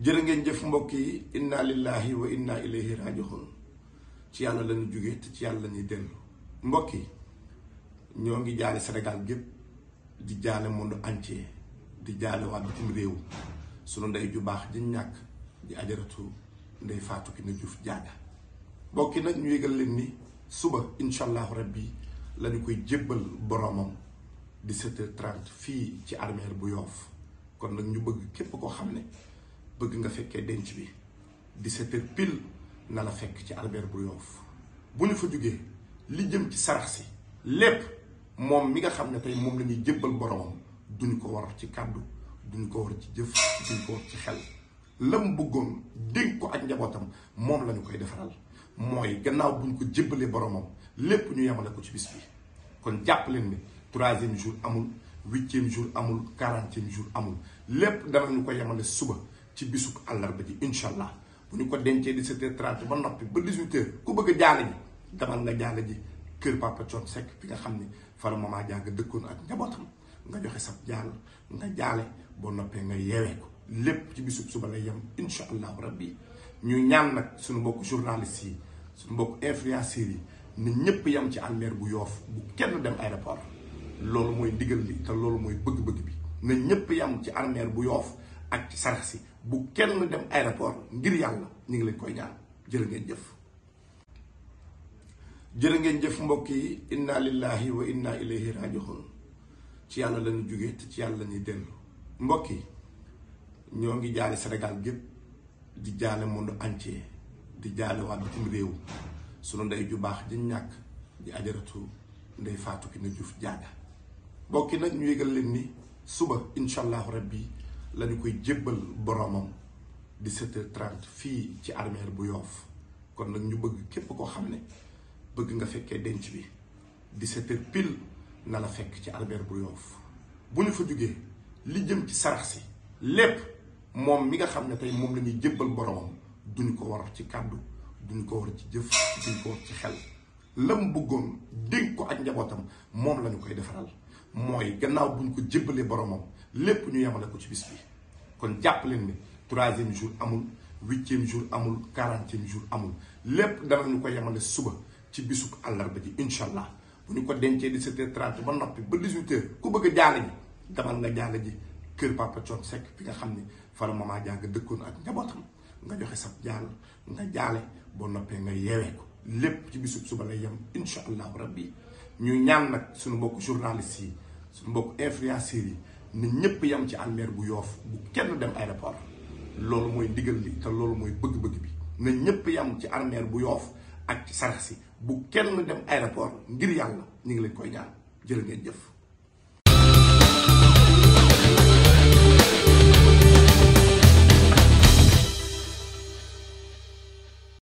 jërë ngeen jëf mbokk yi inna lillahi wa inna ilayhi raji'un ci yàlla lañu jóge te ci yàlla lañuy dellu mbokk yi ñoo ngi jaale Sénégal gépp di jaale monde entier di jaale waa bitim réew sunu ndey ju baax di ñàkk di ajaratu ndey Fatou Kiné Diouf Diatta mbokk yi nag ñu yëgal leen ni suba incha allahu rabbi lañu koy jébbal boromam di h 30 fii ci armeer bu yoof kon nag ñu bëgg képp koo xam ne bëgg nga fekkee denc bi di heures pile na la fekk ci Albert bu yoof bu ñu fa jógee li jëm ci sarax si lépp moom mi nga xam ne tey moom la ñuy jébbal boromam duñ ko war a ci kàddu duñ ko war a ci jëf duñ ko war ci xel lam bëggoon dégg ko ak njabootam moom la koy defaral mooy gannaaw buñ ko jébbalee boromam lépp ñu yemale ko ci bis bi kon jàpp leen ne jour amul huitième jour amul quarantième jour amul lépp danañu ko yemale suba ci bisub àllarba ji incha allah bu ñu ko dencee 17h30 ba noppi ba 18h ku bëgg a jaale ji demal nga jaale ji kër Papa Thione Seck fi nga xam ne fala maa jàgg dëkkoon ak njabootam nga joxe sab jaal nga jaale boo noppee nga yeewee ko lépp ci bisub suba lay yem incha allahu rabbi ñu ñaan nag suñu mbokk journaliste yi suñu mbokk influenceurs yi ne ñëpp yam ci almeer bu yoof bu kenn dem aéroport loolu mooy ndigal li te loolu mooy bëgg-bëgg bi na ñëpp yem ci almeer bu yoof ak ci sarax si bu kenn dem aéroport ngir yàlla ñu ngi leen koy ñaan jërë ngeen jëf jërë ngeen jëf mbokk yi inna lillahi wa inna ilayhi raji'un ci yàlla lañu jóge te ci yàlla lañuy dellu mbokk yi ñoo ngi jaale Sénégal gépp di jaale monde entier di jaale waa bitim réew sunu ndey ju baax ji ñàkk di ajaratu ndey Fatou Kiné Diouf Diatta mbokk yi nag ñu yëgal leen ni suba incha allahu rabbi la koy jébbal boromam di h 30 fii ci armeer bu yoof kon nag ñu bëgg képp koo xam ne bëgg nga fekkee denc bi di h pile na la fekk ci armeer bu yoof bu ñu fa jógee li jëm ci sarax si lépp moom mi nga xam ne tey moom la ñuy jébbal boroomam duñu ko war ci kàddu duñu ko war ci jëf duñu ko war ci xel lam bëggoon dénk ko ak njabootam moom la koy defaral mooy gannaaw buñ ko jébbalee boromam lépp ñu yemale ko ci bis bi kon jàpp leen ni troisième jour amul huitième jour amul quarantième jour amul lépp dama ñu ko yemale suba ci bisub àllarba ji incha allah bu ñu ko dencee 17h30 ba noppi ba 18h ku bëgg a jaale ji demal nga jaale ji kër Papa Thione Seck fi nga xam ni fara mama jàng dëkkoon ak njabootam nga joxe sab jaal nga jaale boo noppee nga yeewee ko lépp ci bisu suba lay yem incha allahu rabbi ñu ñaan nag suñu mbokk journaliste yi suñu mbokk influenceurs yi ne ñëpp yam ci almeer bu yoof bu kenn dem aéroport loolu mooy ndigal li te loolu mooy bëgg-bëgg bi na ñëpp yam ci almeer bu yoof ak ci sarax si bu kenn dem aéroport ngir yàlla ñu ngi leen koy ñaan jël ngeen jëf